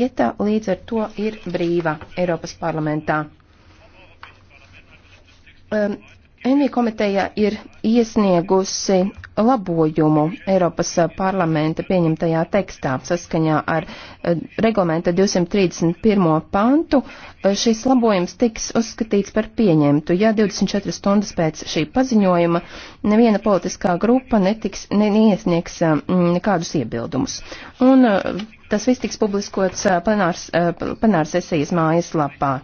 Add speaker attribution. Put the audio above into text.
Speaker 1: Vieta līdz ar to ir brīva Eiropas parlamentā. Um, Envi komiteja ir iesniegusi labojumu Eiropas parlamenta pieņemtajā tekstā saskaņā ar eh, reglamenta 231. pantu. Eh, šis labojums tiks uzskatīts par pieņemtu, ja 24 stundas pēc šī paziņojuma neviena politiskā grupa netiks, ne, neiesniegs eh, nekādus iebildumus. Un tas viss tiks publiskots plenārs, plenārs esijas mājas lapā.